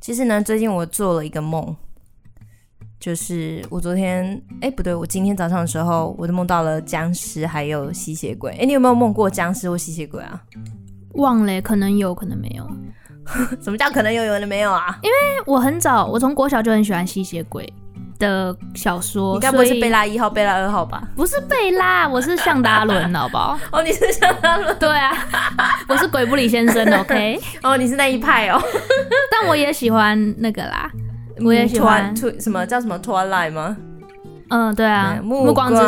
其實呢，最近我做了一個夢，就是我昨天，哎，不對，我今天早上的時候，我就夢到了殭屍還有吸血鬼。哎，你有沒有夢過殭屍或吸血鬼啊？忘了，可能有可能沒有。 什麼叫可能有，有可能沒有啊？因為我很早，我從國小就很喜歡吸血鬼。的小說，你該不是貝拉一號、貝拉二號吧？不是貝拉，我是向達倫，好不好？哦，你是向達倫，對啊，我是鬼不理先生，OK。哦，你是那一派哦，但我也喜歡那個啦，我也喜歡什麼叫什麼 Twilight 嗎？嗯，對啊，暮光之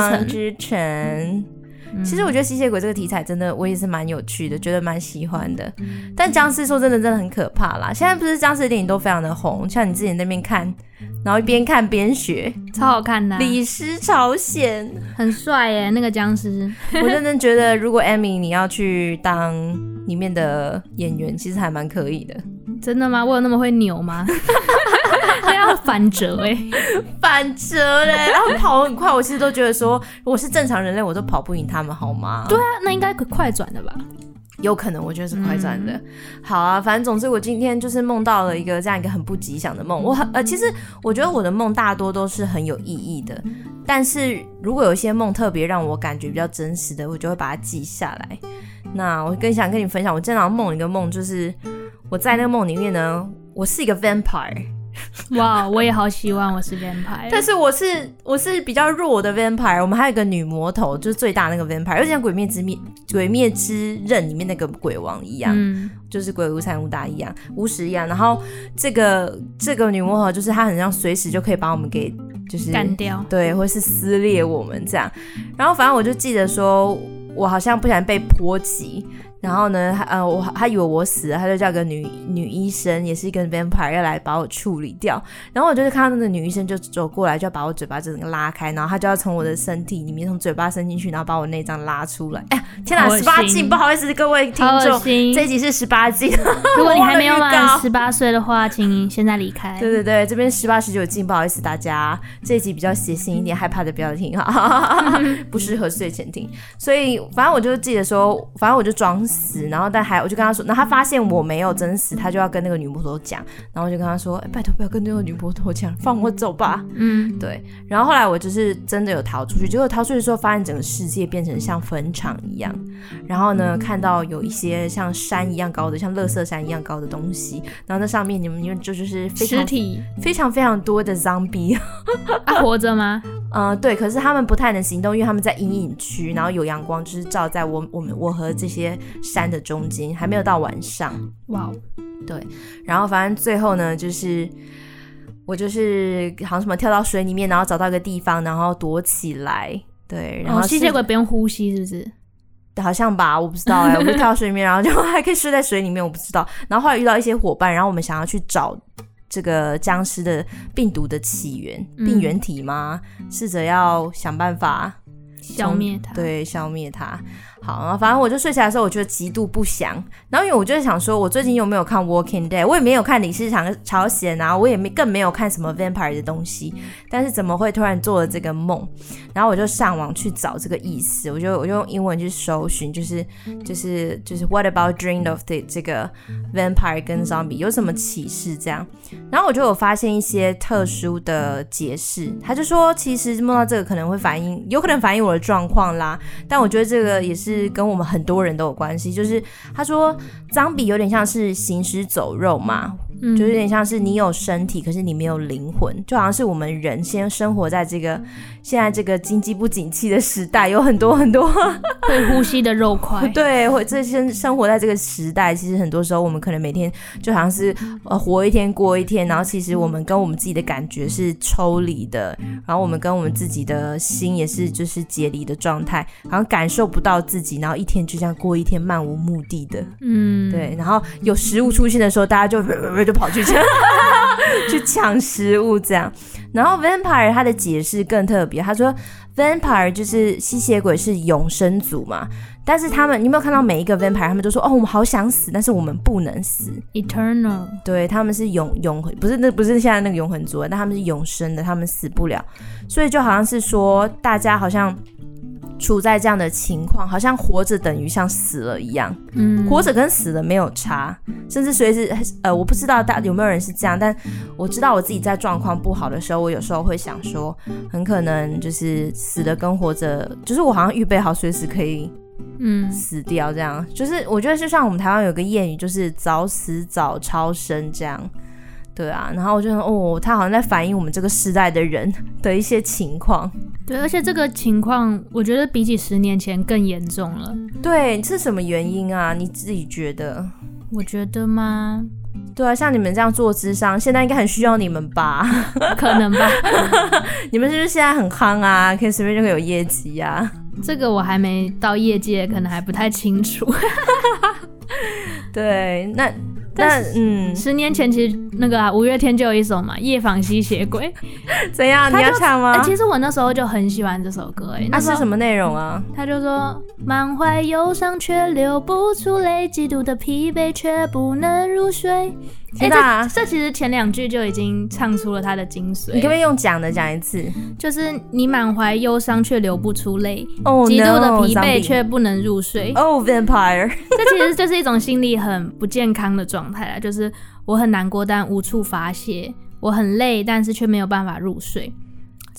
城。其實我覺得吸血鬼這個題材真的我也是蠻有趣的，覺得蠻喜歡的。但殭屍說真的真的很可怕啦，現在不是殭屍電影都非常的紅，像你自己那邊看。然後一邊看邊學，超好看的、啊。李屍朝鮮很帥耶、欸，那個僵屍，我認真的覺得，如果 Amy 你要去當裡面的演員，其實還蠻可以的。真的嗎？我有那麼會扭嗎？ 還要反折哎、欸，反折嘞、欸，然後跑很快，我其實都覺得說，我是正常人類，我都跑不贏他們，好嗎？對啊，那應該可快轉的吧。有可能，我覺得是快轉的，嗯、好啊，反正總之我今天就是夢到了一個這樣一個很不吉祥的夢。我很呃，其實我覺得我的夢大多都是很有意義的，但是如果有一些夢特別讓我感覺比較真實的，我就會把它記下來。那我更想跟你分享，我經常夢一個夢，就是我在那個夢裡面呢，我是一個 vampire。哇，wow, 我也好希望我是 vampire， 但是我是我是比較弱的 vampire。我們還有一個女魔頭，就是最大的那個 vampire，有點像鬼滅滅《鬼滅之滅鬼滅之刃》裡面那個鬼王一樣，嗯、就是鬼無三無大一樣、無實一樣。然後這個這個女魔頭就是她，很像隨時就可以把我們給就是幹掉，對，或是撕裂我們這樣。然後反正我就記得說我好像不想被波及。然後呢，呃，我，他以為我死了，他就叫個女女醫生，也是一個 vampire 要來把我處理掉。然後我就是看到那個女醫生就走過來，就要把我嘴巴整個拉開，然後他就要從我的身體裡面從嘴巴伸進去，然後把我內臟拉出來。哎呀，天哪，十八禁，不好意思各位聽眾，這一集是十八禁。 如果你還沒有滿十八歲的話，請現在離開。 對對對，這邊十八十九禁，不好意思大家，這一集比較血腥一點，嗯、害怕的不要聽哈。哈哈哈， 不適合睡前聽。嗯、所以反正我就記得說，反正我就裝死，然後但還我就跟他說，那他發現我沒有真死，他就要跟那個女魔頭講，然後我就跟他說：“哎、欸，拜托不要跟那個女魔頭講，放我走吧。”嗯，對。然後後來我就是真的有逃出去，結果逃出去之後發現整個世界變成像墳場一樣，然後呢，看到有一些像山一樣高的，像樂色山一樣高的東西，然後那上面你們因為這就是非常屍體非常非常多的 zombie 啊，活着嗎？嗯、呃，對。可是他們不太能行動，因為他們在陰影區，然後有陽光就是照在我、我們、我和這些。山的中間還沒有到晚上，哇哦，對，然後反正最後呢，就是我就是好像什麼跳到水裡面，然後找到一個地方，然後躲起來，對，然後吸血鬼不用呼吸是不是？對，好像吧，我不知道哎、欸，我們跳到水裡面， 然後就還可以睡在水裡面，我不知道。然後後來遇到一些夥伴，然後我們想要去找這個殭屍的病毒的起源、嗯、病原體嗎？試着要想辦法消滅它，對，消滅它。好啊，反正我就睡起來的時候，我覺得極度不祥。然後因為我就想說，我最近又沒有看《Walking Dead》，我也沒有看《李屍朝鮮》啊，然後我也沒更沒有看什麼《Vampire》的東西。但是怎麼會突然做了這個夢？然後我就上網去找這個意思，我就我就用英文去搜尋，就是就是就是 What about dream of the 這個 Vampire 跟 Zombie 有什麼啟示這樣？然後我就有發現一些特殊的解釋，他就說其實夢到這個可能會反映，有可能反映我的狀況啦。但我覺得這個也是。是跟我們很多人都有關係，就是他說殭屍有點像是行屍走肉嘛，嗯、就有點像是你有身體，可是你沒有靈魂，就好像是我們人先生活在這個。嗯現在這個經濟不景氣的時代，有很多很多會呼吸的肉塊。 對，會這些生活在這個時代，其實很多時候我們可能每天就好像是呃活一天過一天，然後其實我們跟我們自己的感覺是抽離的，然後我們跟我們自己的心也是就是解離的狀態，然後感受不到自己，然後一天就像過一天，漫無目的的。嗯，對。然後有食物出現的時候，大家就就、呃呃呃、就跑去 去搶食物這樣。然後 vampire 他的解釋更特別，他說 vampire 就是吸血鬼是永生族嘛，但是他們，你有沒有看到每一個 vampire 他們都說，哦，我們好想死，但是我們不能死 Eternal。對，他們是永永，不是，那不是現在那個永恆族，但他們是永生的，他們死不了，所以就好像是說大家好像。處在這樣的情況，好像活着等於像死了一樣，嗯，活着跟死了沒有差，甚至隨時，呃，我不知道大有沒有人是這樣，但我知道我自己在狀況不好的時候，我有時候會想說，很可能就是死了跟活着，就是我好像預備好隨時可以，嗯，死掉這樣，嗯，就是我覺得就像我們台灣有個諺語，就是早死早超生這樣。對啊，然後我就說哦，他好像在反映我們這個時代的人的一些情況。對，而且這個情況，我覺得比起十年前更嚴重了。對，是什麼原因啊？你自己覺得？我覺得嗎？對啊，像你們這樣做諮商，現在應該很需要你們吧？ 可能吧？ 你們是不是現在很夯啊？可以隨便就可以有業績呀、啊？這個我還沒到業界，可能還不太清楚。 對，那。但十嗯，十年前其實那個、啊、五月天就有一首嘛，《夜訪吸血鬼》，怎樣？就你要唱嗎、欸？其實我那時候就很喜歡這首歌、欸。啊、那、啊、是什麼內容啊、嗯？他就說滿懷憂傷卻流不出淚，極度的疲憊卻不能入睡。天哪！這其實前兩句就已經唱出了他的精髓。你可不可以用講的講一次？就是你滿懷憂傷卻流不出淚，oh, 極度的疲憊卻不能入睡。哦、no, oh, vampire， 這其實就是一種心理很不健康的狀態，就是我很難過，但無處发泄；我很累，但是卻沒有辦法入睡。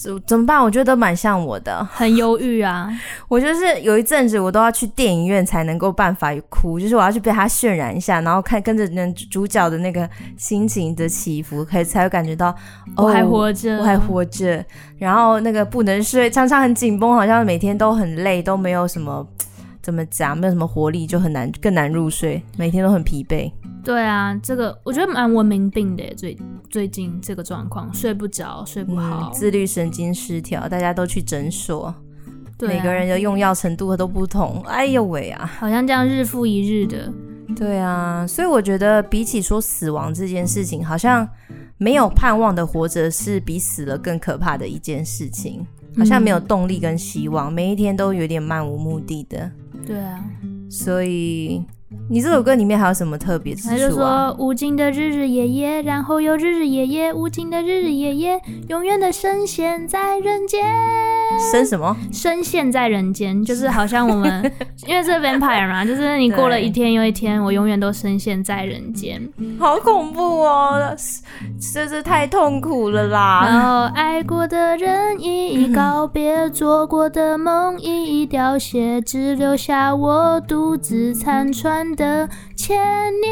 怎怎麼辦？我覺得都蠻像我的，很憂鬱啊。 我就是有一陣子，我都要去電影院才能夠辦法哭，就是我要去被他渲染一下，然後看跟着那主角的那個心情的起伏，可以才會感覺到，哦，我還活着，我還活着。然後那個不能睡，常常很緊繃，好像每天都很累，都沒有什麼。怎麼講？沒有什麼活力，就很難更難入睡，每天都很疲憊。對啊，這個我覺得蠻文明病的，最最近這個狀況，睡不着，睡不好，嗯、自律神經失調，大家都去診所，對啊、每個人的用藥程度都不同。哎呦喂啊！好像這樣日復一日的。對啊，所以我覺得比起說死亡這件事情，好像沒有盼望的活着是比死了更可怕的一件事情。好像沒有動力跟希望，嗯哼。每一天都有點漫無目的的。對啊，所以。你這首歌裡面還有什麼特別之處啊？他就說無盡的日日夜夜，然後又日日夜夜，無盡的日日夜夜，永遠的深陷在人間。深什麼？深陷在人間，就是好像我們 因為是 vampire 嘛，就是你過了一天又一天，對我永遠都深陷在人間。好恐怖哦，這是太痛苦了啦。然後愛過的人一一告別，做過的夢一一凋謝，只留下我獨自殘喘。的千年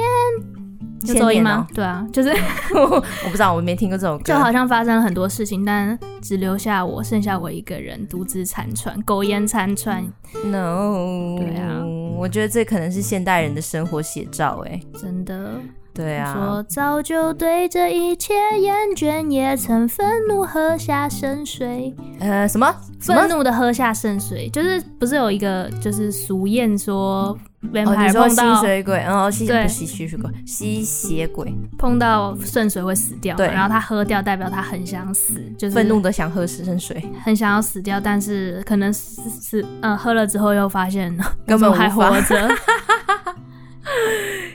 就周延嗎？喔、對啊，就是 我不知道，我沒聽過這首歌。就好像發生了很多事情，但只留下我，剩下我一個人，獨自殘喘，苟延殘喘。No，對啊，我覺得這可能是現代人的生活寫照。欸。哎，真的，對啊。說早就對這一切厭倦，也曾憤怒喝下聖水。呃，什麼？憤怒的喝下聖水，就是不是有一個就是俗諺說？連哦，碰到你說吸水鬼？嗯、哦，吸對不吸血鬼，吸血鬼碰到聖水會死掉。對，然後他喝掉，代表他很想死，就是憤怒的想喝死聖水，很想要死掉，但是可能是是嗯，喝了之後又發現根本 還活着。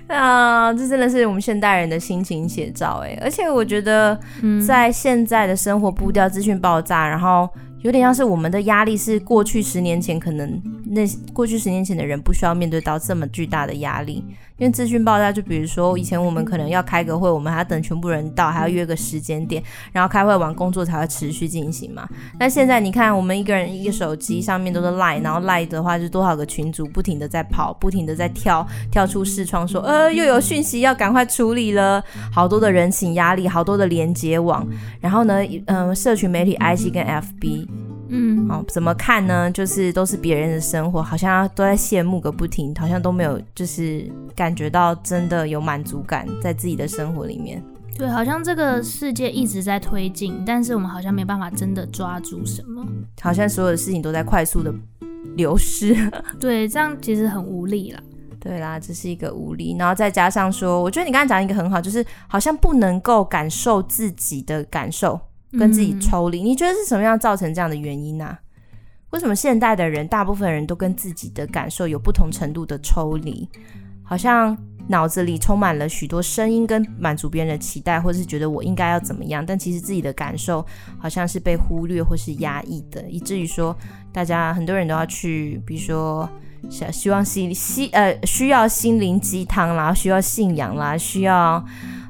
啊、 呃，這真的是我們現代人的心情寫照哎。而且我覺得，在現在的生活步調、資訊爆炸，然後有點像是我們的壓力是過去十年前可能。那過去十年前的人不需要面對到這麼巨大的壓力，因為資訊爆炸。就比如說，以前我們可能要開個會，我們還要等全部人到，還要約個時間點，然後開會完工作才會持續進行嘛。那現在你看，我們一個人一個手機上面都是 Line，然後 Line 的話是多少個群組不停的在跑，不停的在跳，跳出視窗說，呃，又有訊息要趕快處理了，好多的人情壓力，好多的連接網，然後呢，嗯，社群媒體 IG 跟 FB。嗯，哦，怎麼看呢？就是都是別人的生活，好像都在羨慕個不停，好像都沒有，就是感覺到真的有滿足感在自己的生活裡面。對，好像這個世界一直在推進，但是我們好像沒辦法真的抓住什麼。好像所有的事情都在快速的流失。 對，這樣其實很無力啦。對啦，這是一個無力。然後再加上說，我覺得你剛才講一個很好，就是好像不能夠感受自己的感受。跟自己抽離，嗯、你覺得是什麼樣造成這樣的原因呢？啊？為什麼現代的人大部分人都跟自己的感受有不同程度的抽離？好像腦子裡充滿了許多聲音，跟滿足別人的期待，或者是覺得我應該要怎麼樣，但其實自己的感受好像是被忽略或是壓抑的，以至於說大家很多人都要去，比如說想希望心、呃、需要心靈雞湯啦，需要信仰啦，需要。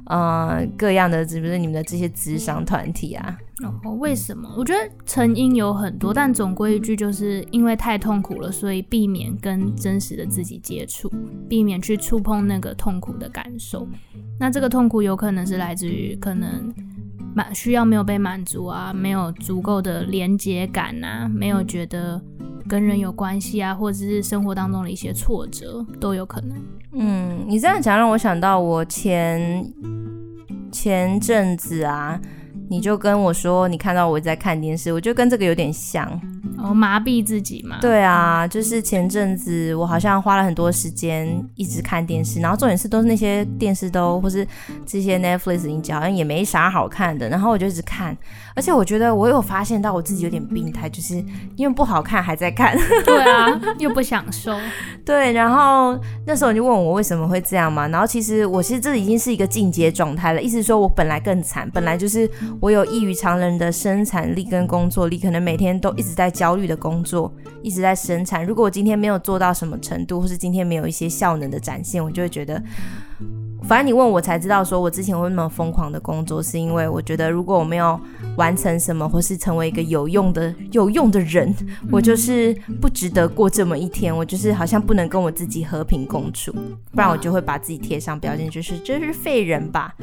呃，各樣的，是不是你們的這些諮商團體啊？然後、哦、為什麼？我覺得成因有很多，但總歸一句，就是因為太痛苦了，所以避免跟真實的自己接觸，避免去觸碰那個痛苦的感受。那這個痛苦有可能是來自於可能滿需要沒有被滿足啊，沒有足夠的連接感啊，沒有覺得。跟人有關係啊，或者是生活當中的一些挫折都有可能。嗯，你這樣講讓我想到我前前陣子啊，你就跟我說你看到我在看電視，我覺得跟這個有點像。哦，麻痹自己嘛？對啊，就是前陣子我好像花了很多時間一直看電視，然後重點是都是那些電視都或是這些 Netflix 影集好像也沒啥好看的，然後我就一直看，而且我覺得我有發現到我自己有點病態，嗯、就是因為不好看還在看。對啊，又不想收。 對，然後那時候你就問我為什麼會這樣嘛？然後其實我其實這已經是一個進階狀態了，意思說我本來更慘，本來就是我有異於常人的生產力跟工作力，可能每天都一直在。焦慮的工作，一直在生產。如果我今天沒有做到什麼程度，或是今天沒有一些效能的展現，我就會覺得。反正你問我才知道，說我之前為什麼瘋狂的工作，是因為我覺得如果我沒有完成什麼，或是成為一個有用的有用的人，我就是不值得過這麼一天，我就是好像不能跟我自己和平共處，不然我就會把自己貼上標籤，就是，就是就是廢人吧。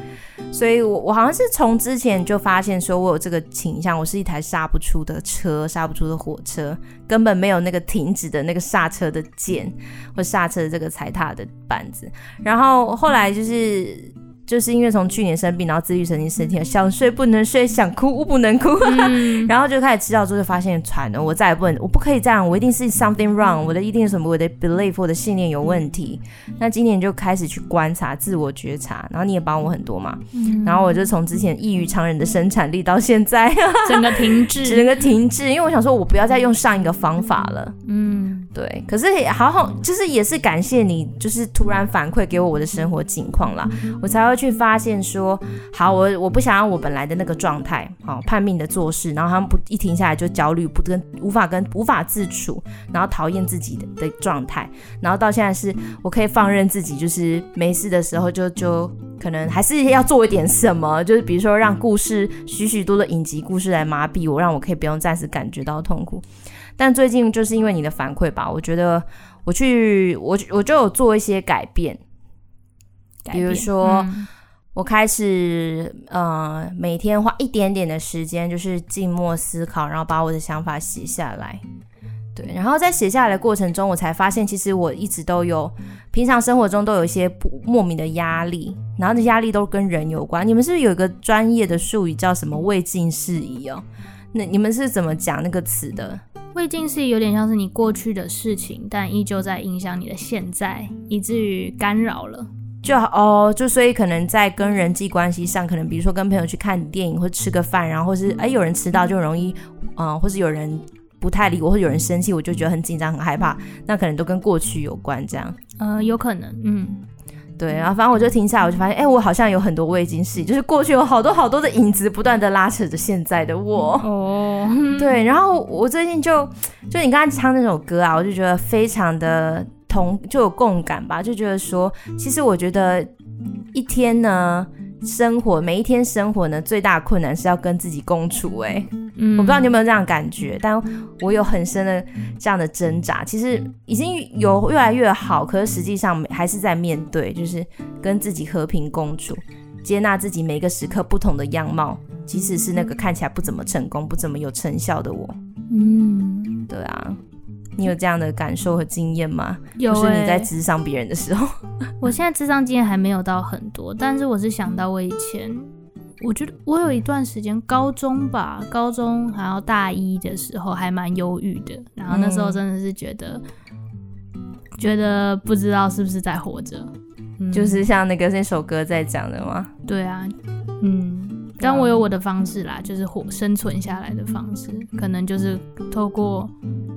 所以我我好像是從之前就發現說我有這個傾向，我是一台剎不出的車，剎不出的火車，根本沒有那個停止的那個剎車的鍵，或剎車的這個踩踏的板子。然後後來就是。是。嗯就是因為從去年生病，然後自律神經失調，想睡不能睡，想哭不能哭，嗯、 然後就開始知道，之後就發現喘了，我再也不能，我不可以這樣，我一定是 something wrong，、嗯、我的一定是什麼，我的 belief 我的信念有問題。嗯、那今年就開始去觀察、自我覺察，然後你也幫我很多嘛，嗯、然後我就從之前異於常人的生產力到現在 整個停滯，整個停滯，因為我想說，我不要再用上一個方法了。嗯，對。可是也好好，就是也是感謝你，就是突然反饋給我我的生活境況啦，嗯、我才會，會去發現說好，我我不想讓我本來的那個狀態，好、哦、叛命的做事，然後他們不一停下來就焦慮不，不跟無法跟無法自處，然後討厭自己的的狀態，然後到現在是我可以放任自己，就是沒事的時候就就可能還是要做一點什麼，就是比如說讓故事許許多多的影集故事來麻痹我，讓我可以不用暫時感覺到痛苦。但最近就是因為你的反饋吧，我覺得我去我我就有做一些改變。比如說，嗯、我開始呃每天花一點點的時間，就是靜默思考，然後把我的想法寫下來。對，然後在寫下來的過程中，我才發現其實我一直都有，平常生活中都有一些不莫名的壓力，然後這壓力都跟人有關。你們是不是有一個專業的術語叫什麼未盡事宜哦？那你們是怎麼講那個詞？的未盡事宜有點像是你過去的事情，但依舊在影響你的現在，以至於干擾了。就哦，就所以可能在跟人際關係上，可能比如說跟朋友去看電影或吃個飯，然後或是哎、欸、有人遲到就容易，嗯、呃，或是有人不太理我，或有人生氣，我就覺得很緊張，很害怕，那可能都跟過去有關，這樣，嗯、呃，有可能，嗯，對啊，然後反正我就停下來，我就發現，哎、欸，我好像有很多未經事，就是過去有好多好多的影子不斷的拉扯着現在的我，哦，對，然後我最近就就你剛才唱那首歌啊，我就覺得非常的。同就有共感吧，就覺得說，其實我覺得一天呢，生活每一天生活呢，最大困難是要跟自己共處。欸，誒，嗯，我不知道你有沒有這樣的感覺，但我有很深的這樣的掙扎。其實已經有越來越好，可是實際上還是在面對，就是跟自己和平共處，接納自己每一個時刻不同的樣貌，即使是那個看起來不怎麼成功、不怎麼有成效的我。嗯，對啊。你有這樣的感受和經驗嗎？就、欸、是你在諮商別人的時候，我現在諮商經驗還沒有到很多，但是我是想到我以前，我覺得我有一段時間高中吧，高中還有大一的時候還蠻憂鬱的，然後那時候真的是覺得，嗯、覺得不知道是不是在活着，嗯、就是像那個那首歌在講的嗎？對啊，嗯。但我有我的方式啦，就是活生存下來的方式，可能就是透過，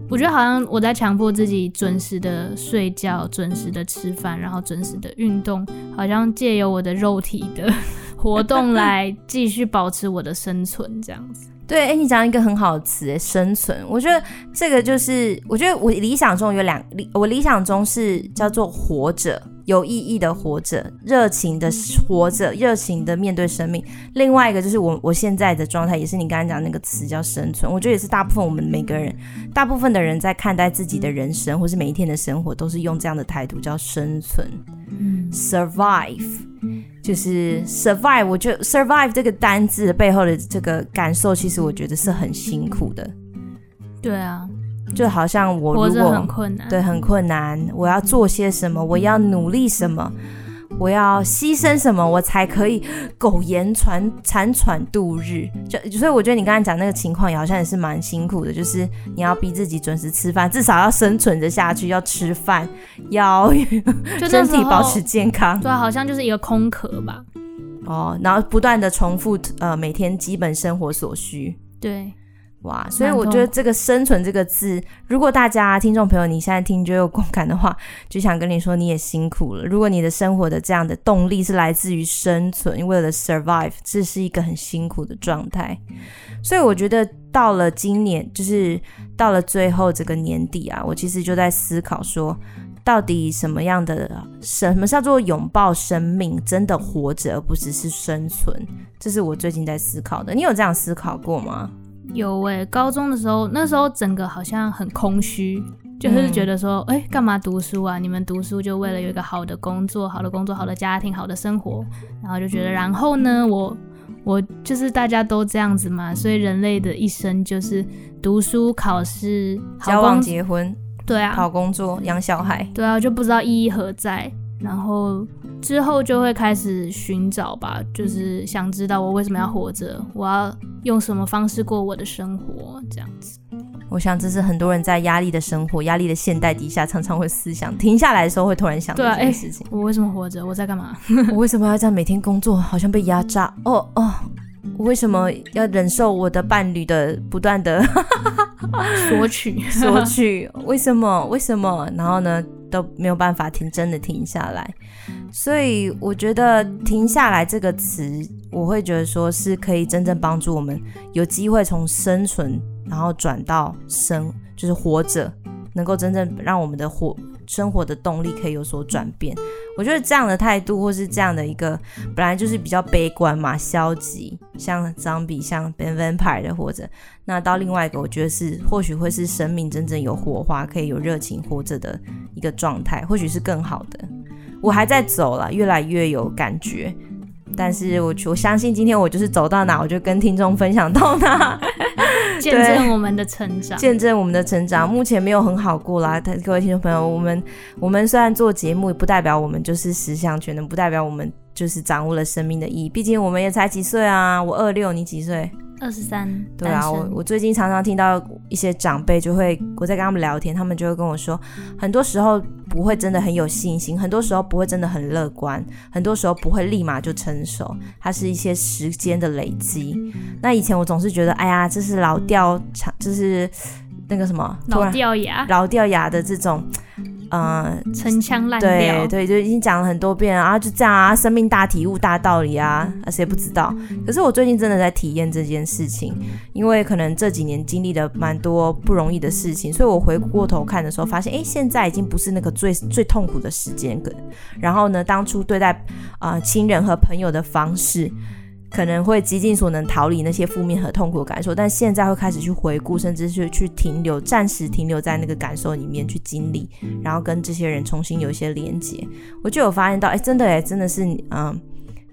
我覺得好像我在強迫自己準時的睡覺，準時的吃飯，然後準時的運動，好像借由我的肉體的活動來繼續保持我的生存，這樣子。對，哎、欸，你講一個很好的詞、欸，生存。我覺得這個就是，我覺得我理想中有兩，我理想中是叫做活着。有意義的活着，熱情的活着，熱情的面對生命。另外一個就是我我現在的狀態，也是你剛才講那個詞叫生存。我覺得也是大部分我們每個人，大部分的人在看待自己的人生，或是每一天的生活，都是用這樣的態度叫生存。嗯，survive 就是 survive。我覺得 survive 這個單字背後的這個感受，其實我覺得是很辛苦的。對啊。就好像我如果很困難，對，很困難，我要做些什麼，我要努力什麼，我要犧牲什麼，我才可以苟延殘喘度日。就所以我覺得你剛才講那個情況，也好像也是蠻辛苦的，就是你要逼自己準時吃飯，至少要生存着下去，要吃飯，要身體保持健康。對，好像就是一個空殼吧。哦，然後不斷的重複呃每天基本生活所需。對。哇，所以我覺得這個“生存”這個字，如果大家聽眾朋友你現在聽就有共感的話，就想跟你說你也辛苦了。如果你的生活的這樣的動力是來自於生存，為了 survive，這是一個很辛苦的狀態。所以我覺得到了今年，就是到了最後這個年底啊，我其實就在思考說，到底什麼樣的什麼叫做擁抱生命，真的活着，而不只是生存。這是我最近在思考的。你有這樣思考過嗎？有哎、欸，高中的時候，那時候整個好像很空虛，就是覺得說，哎、嗯，欸，幹嘛讀書啊？你們讀書就為了有一個好的工作、好的工作、好的家庭、好的生活，然後就覺得，然後呢，我我就是大家都這樣子嘛，所以人類的一生就是讀書、考試、好、交往結婚，對啊，好工作、養小孩，對啊，就不知道意義何在。然後之後就會開始尋找吧，就是想知道我為什麼要活着，我要用什麼方式過我的生活這樣子。我想這是很多人在壓力的生活、壓力的現代底下，常常會思想停下來的時候會突然想到這件事情，對啊，欸，我為什麼活着？我在幹嘛？ 我為什麼要這樣每天工作？好像被壓榨。哦哦，我為什麼要忍受我的伴侶的不斷的 索取？ 索取？ 為什麼？為什麼？然後呢？都沒有辦法停，真的停下來。所以我覺得“停下來”這個詞，我會覺得說是可以真正幫助我們有機會從生存，然後轉到生，就是活着，能夠真正讓我們的活。生活的動力可以有所轉變，我覺得這樣的態度，或是這樣的一個本來就是比較悲觀嘛、消極，像 zombie、像 vampire 的活着，那到另外一個，我覺得是或許會是生命真正有火花、可以有熱情活着的一個狀態，或許是更好的。我還在走了，越來越有感覺。但是我，我我相信，今天我就是走到哪，我就跟聽眾分享到哪， 見證我們的成長，見證我們的成長。目前沒有很好過啦，但各位聽眾朋友，嗯、我們我們雖然做節目，也不代表我們就是十項全能，不代表我們就是掌握了生命的意義。畢竟我們也才幾歲啊，我二六，你幾歲？二十三，對啊，我我最近常常聽到一些長輩就會，我在跟他們聊天，他們就會跟我說，很多時候不會真的很有信心，很多時候不會真的很樂觀，很多時候不會立馬就成熟，它是一些時間的累積。那以前我總是覺得，哎呀，這是老掉，這是那個什麼，老掉牙，老掉牙的這種。嗯，陳腔濫調，對對，就已經講了很多遍了，啊。就這樣啊，生命大體悟大道理啊，啊，誰不知道？可是我最近真的在體驗這件事情，因為可能這幾年經歷了蠻多不容易的事情，所以我回過頭看的時候，發現誒，現在已經不是那個最最痛苦的時間，跟然後呢，當初對待啊、呃、親人和朋友的方式。可能會竭盡所能逃離那些負面和痛苦的感受，但現在會開始去回顧，甚至是去停留，暫時停留在那個感受裡面去經歷，然後跟這些人重新有一些連接。我就有發現到，哎，真的，哎，真的是，嗯。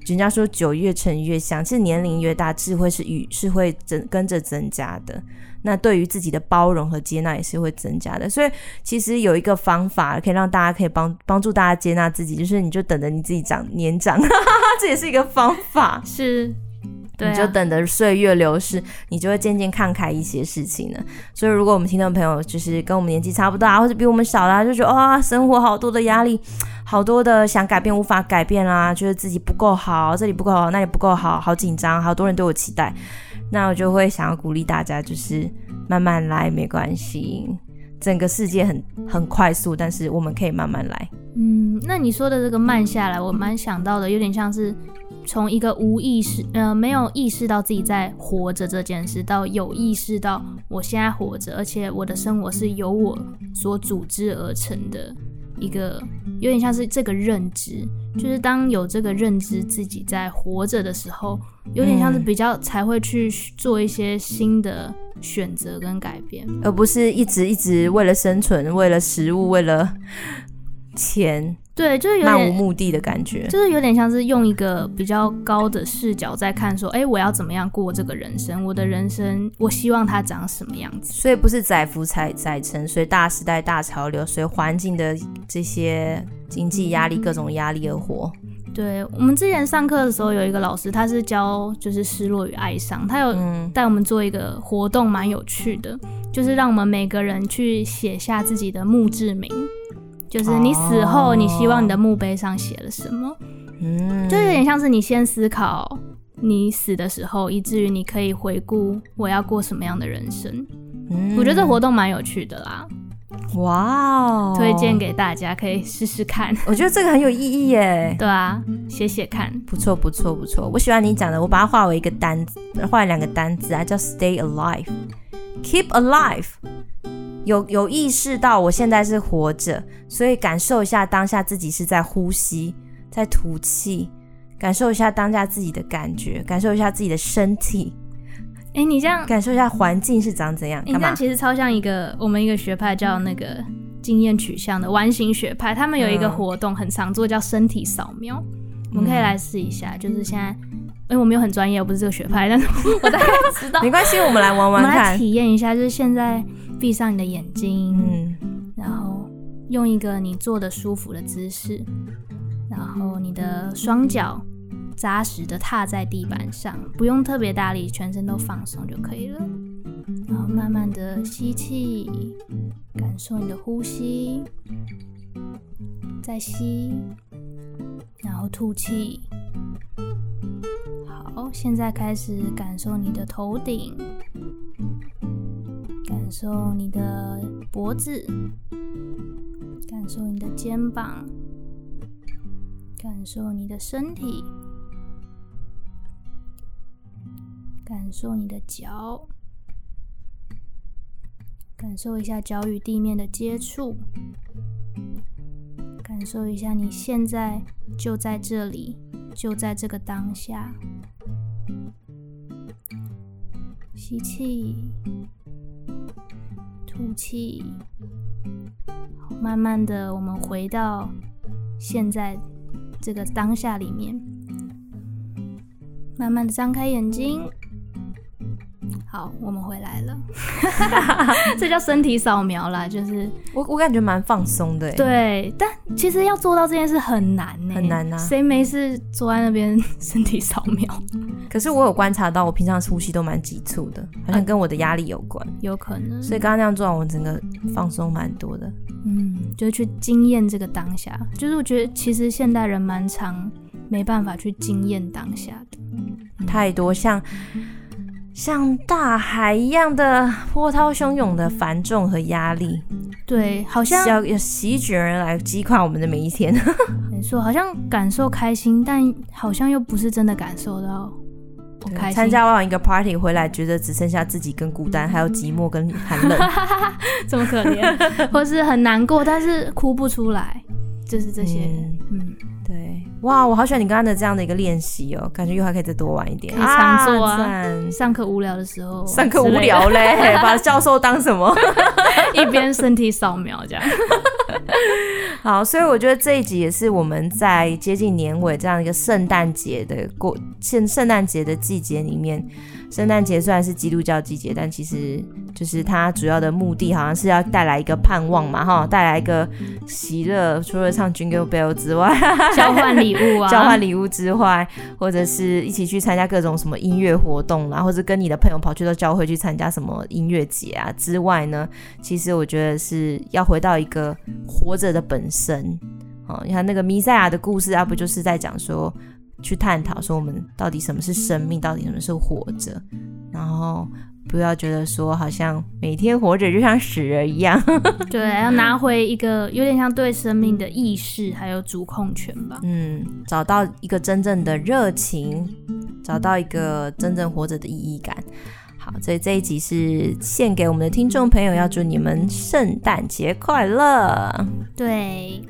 人家說酒越陳越香，其實年齡越大，智慧是與是會增跟着增加的。那對於自己的包容和接納也是會增加的。所以其實有一個方法可以讓大家可以幫幫助大家接納自己，就是你就等着你自己長年長， 這也是一個方法。是。你就等着歲月流逝，啊、你就會漸漸看開一些事情了。所以，如果我們聽眾朋友就是跟我們年紀差不多啊，或者比我們小啦、啊，就覺得哇，生活好多的壓力，好多的想改變無法改變啦、啊，覺得自己不夠好，這裡不夠好，那裡不夠好，好緊張，好多人對我期待，那我就會想要鼓勵大家，就是慢慢來，沒關係。整個世界很很快速，但是我們可以慢慢來。嗯，那你說的這個慢下來，我蠻想到的，有點像是。從一個無意識，呃，沒有意識到自己在活着這件事，到有意識到我現在活着，而且我的生活是由我所組織而成的一個，有點像是這個認知，就是當有這個認知，自己在活着的時候，有點像是比較才會去做一些新的選擇跟改變。嗯，而不是一直一直為了生存，為了食物，為了錢。對，就是漫無目的的感覺，就是有點像是用一個比較高的視角在看，說，哎、欸，我要怎麼樣過這個人生？我的人生，我希望它長什麼樣子？所以不是載浮載沉，所以大時代、大潮流、所以環境的這些經濟壓力、嗯、各種壓力而活。對，我們之前上課的時候，有一個老師，他是教就是失落與哀傷，他有帶我們做一個活動，蠻有趣的，嗯、就是讓我們每個人去寫下自己的墓志銘。就是你死後，你希望你的墓碑上寫了什麼？嗯，oh. mm. 就是有點像是你先思考你死的時候，以至於你可以回顧我要過什麼樣的人生。嗯，mm. 我覺得這活動蠻有趣的啦。哇哦，推薦給大家可以試試看。我覺得這個很有意義耶。 對啊，寫寫看，不錯不錯不錯。我喜歡你講的，我把它化為一個單字，化為兩個單字啊，叫 Stay Alive，Keep Alive。Alive. 有有意識到我現在是活着，所以感受一下當下自己是在呼吸，在吐氣，感受一下當下自己的感覺，感受一下自己的身體。哎、欸，你這樣感受一下環境是長怎樣？嗯、你這樣其實超像一個我們一個學派叫那個經驗取向的完形學派，他們有一個活動很常做叫身體掃描，嗯、我們可以來試一下，就是現在。因為、欸、我沒有很專業，我不是這個學派，但是我大概知道。 沒關係，我們來玩玩看，我們來體驗一下。就是現在，閉上你的眼睛，嗯，然後用一個你坐的舒服的姿勢，然後你的雙腳扎實的踏在地板上，不用特別大力，全身都放鬆就可以了。然後慢慢的吸氣，感受你的呼吸，再吸，然後吐氣。好，哦，現在開始感受你的頭頂，感受你的脖子，感受你的肩膀，感受你的身體，感受你的腳，感受一下腳與地面的接觸，感受一下你現在就在這裡，就在這個當下。吸氣，吐氣，慢慢的，我們回到現在這個當下裡面，慢慢的張開眼睛。好，我們回來了， 這叫身體掃描啦，就是我我感覺蠻放鬆的。對，但其實要做到這件事很難呢，很難啊。誰沒事坐在那邊身體掃描？可是我有觀察到，我平常呼吸都蠻急促的，好像跟我的壓力有關，啊、有可能。所以剛剛那樣做完，我整個放鬆蠻多的。嗯，就是去經驗這個當下。就是我覺得，其實現代人蠻常沒辦法去經驗當下的，嗯嗯、太多像、嗯、像大海一樣的波濤洶湧的繁重和壓力。對，好像要席卷而來，擊垮我們的每一天。沒錯，好像感受開心，但好像又不是真的感受到。參加完一個 party 回來，覺得只剩下自己跟孤單，嗯、還有寂寞跟寒冷， 這麼可憐，或 是很難過，但是哭不出來，就是這些。嗯，嗯，對，哇，wow，我好喜歡你剛剛的這樣的一個練習哦，感覺又還可以再多玩一點做啊！讚、啊，上課無聊的時候，上課無聊嘞， 把教授當什麼？一邊身體掃描這樣。 好，所以我覺得這一集也是我們在接近年尾這樣一個聖誕節的過，現聖誕節的季節裡面。聖誕節雖然是基督教季節，但其實就是它主要的目的，好像是要帶來一個盼望嘛，哈，帶來一個喜樂。除了唱 Jingle Bell 之外，交換禮物啊，交換禮物之外，或者是一起去參加各種什麼音樂活動啦，或者跟你的朋友跑去到教會去參加什麼音樂節啊之外呢，其實我覺得是要回到一個活着的本身。哦，你看那個彌賽亞的故事啊，不就是在講說，去探討說我們到底什麼是生命，到底什麼是活着，然後不要覺得說好像每天活着就像死人一樣。 對，要拿回一個有點像對生命的意識，還有主控權吧。嗯，找到一個真正的熱情，找到一個真正活着的意義感。好，所以這一集是獻給我們的聽眾朋友，要祝你們聖誕節快樂。對。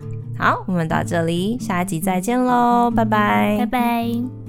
好，我們到這裡，下一集再見嘍，拜拜，拜拜。